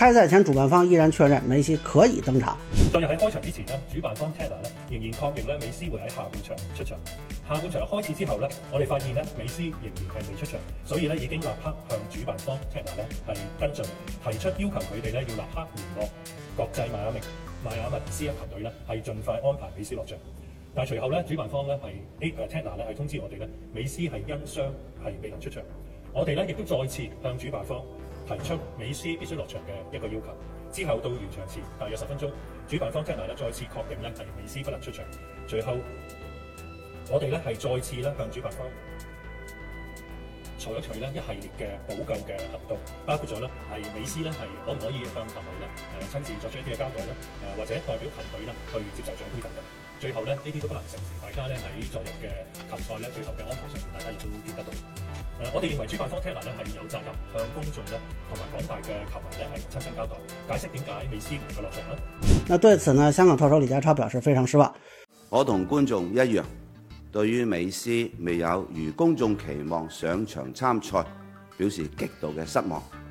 開賽前，主辦方依然確認梅西可以登場。昨日喺開場之前咧，主辦方 Tanner 咧，仍然確認咧美斯會喺下半場出場。下半場開始之後咧，我哋發現咧美斯仍然係未出場，所以咧已經立刻向主辦方 Tanner 咧係跟進，提出要求佢哋咧要立刻聯絡國際邁阿密邁阿密 C F 球隊咧係盡快安排美斯落場。但係隨後咧，主辦方咧係 A 啊 Tanner 咧係通知我哋咧美斯係因傷係未能出場。我哋咧亦都再次向主辦方。提出美斯必須落場嘅一個要求，之後到完場前大約十分鐘，主辦方即係咧再次確認咧係美斯不能出場。最後，我哋咧係再次咧向主辦方除咗除咧一系列嘅補救嘅行動，包括咗咧係美斯咧係可唔可以向球迷咧誒親自作出一啲嘅交代咧，誒或者代表球隊咧去接受獎杯等等。最後呢，呢啲都不能成事。大家咧喺昨日嘅球賽咧，最後嘅安排上面，大家亦都見得到。誒、啊，我哋認為主辦方 Tatler 咧係有責任向公眾咧同埋廣大嘅球迷咧係親身交代，解釋點解美斯唔會落場咯。那對此呢，香港特首李家超表示非常失望。我同觀眾一樣，對於美斯未有如公眾期望上場參賽，表示極度嘅失望。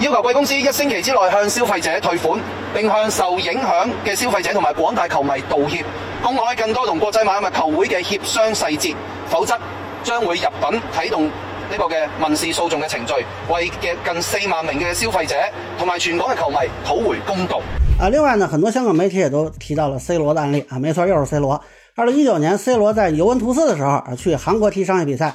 要求貴公司一星期之內向消費者退款，並向受影響嘅消費者同埋廣大球迷道歉，公開更多同國際邁阿密球會嘅協商細節，否則將會入稟啟動呢個嘅民事訴訟嘅程序，為嘅近四萬名嘅消費者同埋全港嘅球迷討回公道。啊，另外呢，很多香港媒體也都提到了 C 羅嘅案例啊，冇錯，又是 C 羅。二零一九年 C 羅在尤文圖斯嘅時候，去韓國踢商業比賽。